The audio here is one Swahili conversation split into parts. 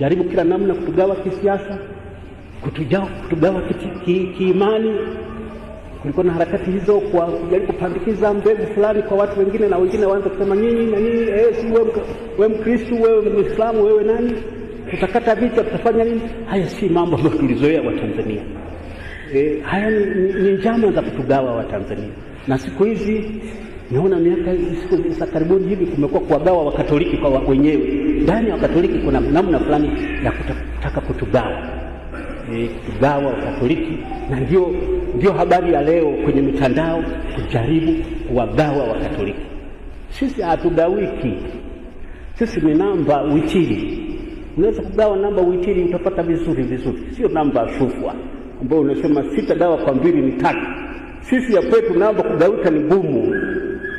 jaribu kila namna kutugawa kisiasa, kutugawa, kutugawa kiimani. Kulikuwa na harakati hizo kwa kujaribu kupandikiza mbegu fulani kwa watu wengine, na wengine waanza kusema nyinyi na nyinyi, eh, si wewe Mkristo, wewe Muislamu, wewe nani, tutakata vichwa, tutafanya nini? Haya si mambo ambayo tulizoea Watanzania. E, haya ni njama za kutugawa Watanzania, na siku hizi naona miaka siku za karibuni hivi kumekuwa kuwagawa Wakatoliki kwa wenyewe ndani ya Wakatoliki kuna namna fulani ya kutaka kutugawa, e, kutugawa Wakatoliki, na ndio ndio habari ya leo kwenye mitandao, kujaribu kuwagawa Wakatoliki. Sisi hatugawiki, sisi ni namba uitili. Unaweza kugawa namba uitili utapata vizuri vizuri, sio namba shufwa ambayo unasema sita dawa kwa mbili ni tatu. Sisi ya kwetu namba kugawika ni gumu.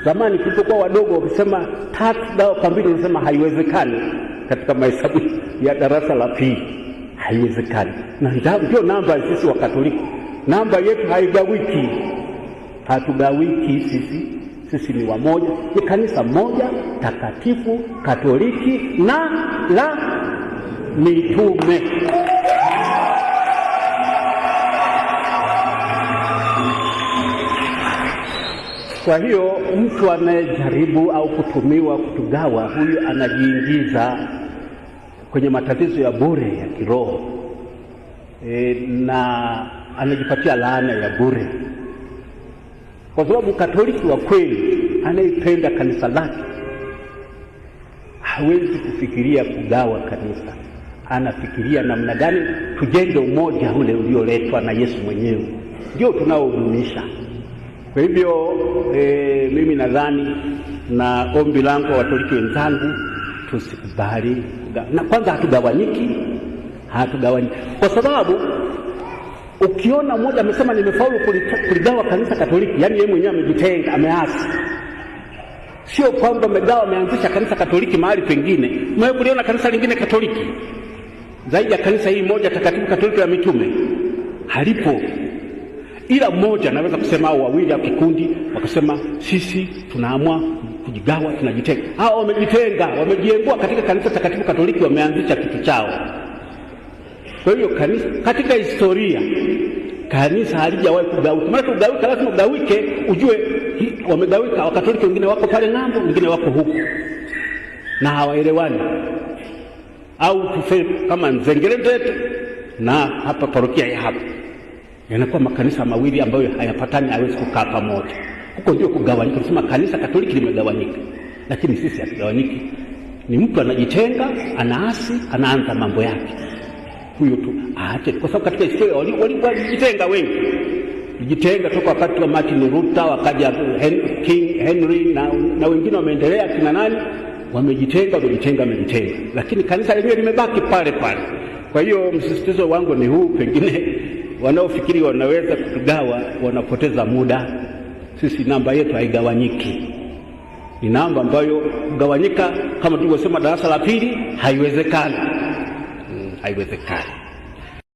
Zamani tulipokuwa wadogo wakisema tatu dawa kwa mbili, unasema haiwezekani. Katika mahesabu ya darasa la pili haiwezekani, na ndio namba sisi wa katoliki namba yetu haigawiki, hatugawiki sisi sisi ni wamoja, ni kanisa moja takatifu Katoliki na la mitume. Kwa hiyo mtu anayejaribu au kutumiwa kutugawa, huyu anajiingiza kwenye matatizo ya bure ya kiroho e, na anajipatia laana ya bure, kwa sababu Katoliki wa kweli anayependa kanisa lake hawezi kufikiria kugawa kanisa. Anafikiria namna gani tujenge umoja ule ulioletwa na Yesu mwenyewe, ndio tunaohudumisha kwa hivyo e, mimi nadhani na ombi langu kwa Wakatoliki wenzangu tusikubali, na kwanza hatugawanyiki, hatugawanyiki kwa sababu ukiona mmoja amesema nimefaulu kuligawa kanisa Katoliki, yaani yeye mwenyewe amejitenga, ameasi. Sio kwamba amegawa, ameanzisha kanisa Katoliki mahali pengine. Mwe kuliona kanisa lingine Katoliki zaidi ya kanisa hili moja takatifu Katoliki la mitume halipo ila mmoja anaweza kusema au wawili au kikundi wakasema, sisi tunaamua kujigawa, tunajitenga. Hao wamejitenga, wamejiengua katika kanisa takatifu Katoliki, wameanzisha kitu chao. Kwa hiyo kanisa, katika historia kanisa halijawahi kugawika. Maana kugawika lazima ugawike, ujue wamegawika. Wakatoliki wengine wako pale ng'ambo, wengine wako huku na hawaelewani, au tufe kama Nzengerevyetu na hapa parokia ya hapa yanakuwa makanisa mawili ambayo hayapatani, hawezi kukaa pamoja. Huko ndio kugawanyika. Tunasema kanisa Katoliki limegawanyika, lakini sisi hatugawanyiki. Ni mtu anajitenga, anaasi, anaanza mambo yake, huyo tu aache, kwa sababu katika historia walikuwa walijitenga wengi, jitenga toka wakati wa Martin Luther, wakaja King Henry na, na wengine wameendelea, kina nani wamejitenga, wamejitenga, wamejitenga, lakini kanisa lenyewe limebaki pale pale. Kwa hiyo msisitizo wangu ni huu, pengine wanaofikiri wanaweza kutugawa wanapoteza muda. Sisi namba yetu haigawanyiki, ni namba ambayo kugawanyika, kama tulivyosema darasa la pili, haiwezekani. Hmm, haiwezekani.